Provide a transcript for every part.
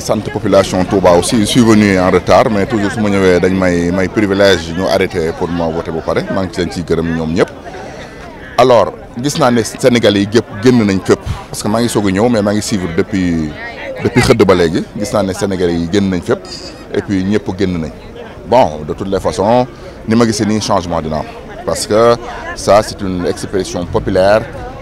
di population Touba aussi je suis venu en retard mais toujours su ma ñëwee dañ may may privilège ñu arrêter pour moi voter bu pare maa ngi leen ciy gërëm ñoom ñëpp. alors gis naa les Sénégalais yi gépp nañ parce que je suis venu, mais maa ngi suivre depuis depuis xëdd de léegi gis naa les Sénégalais yi génn nañ fépp et puis ñëpp génn nañ bon de toutes les façons ni ma gisee nii changement dedans, parce que ça c'est une expression populaire.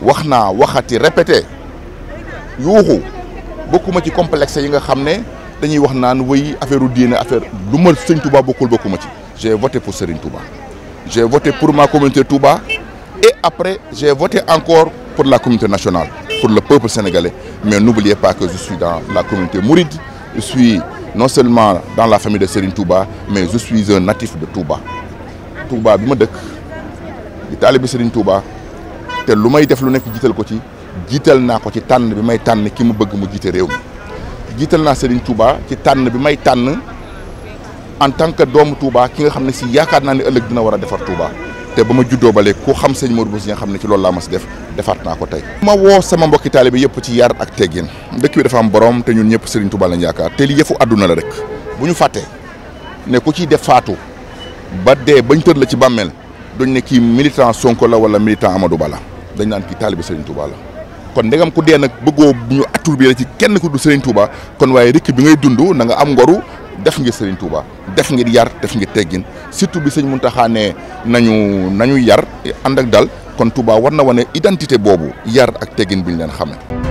waxna waxati répété yuuxu bokuma ci complexe yi nga xamné dañuy wax nan wéy affaire u diine affaire lu ma Touba bokul j'ai voté pour Serigne Touba j'ai voté pour ma communauté Touba et après j'ai voté encore pour la communauté nationale pour le peuple sénégalais mais n'oubliez pas que je suis dans la communauté mouride je suis non seulement dans la famille de Serigne Touba mais je suis un natif de Touba Touba bima ma dëkk di Serigne Touba te lu may def lu nekk jiital ko ci jiital naa ko ci tànn bi may tànn kii mu bëgg mu jiite réew mi jiital naa Serigne Touba ci tànn bi may tànn en tant que doomu Touba ki nga xam ne si yaakaar naa ne ëllëg dina war a defar Touba te ba ma juddoo ba léegi ku xam sëñ Modou Bousso nga xam ne ci loolu laa si def defaat naa ko tey. ma woo sama mbokki taalibe yëpp ci yar ak teggin dëkk bi dafa am borom te ñun ñëpp Serigne Touba lañ yaakaar te li yëfu àdduna rek bu ñu fàttee ne ku ciy def faatu ba dee bañ tër ci bàmmeel duñ ne kii militant la wala militant Amadou Ba dañ naan kii taalibe Serigne Touba la kon ndegam ku dee nag bëggoo ñu attur bi ci kenn ku du Serigne Touba kon waaye rikk bi ngay dund na nga am ngoru def ngir Serigne Touba def ngir yar def ngir teggin surtout bi sëñ Mountakha ne nañu nañu yar ànd ak dal kon Touba war na wane identité boobu yar ak teggin bi ñu leen xamee.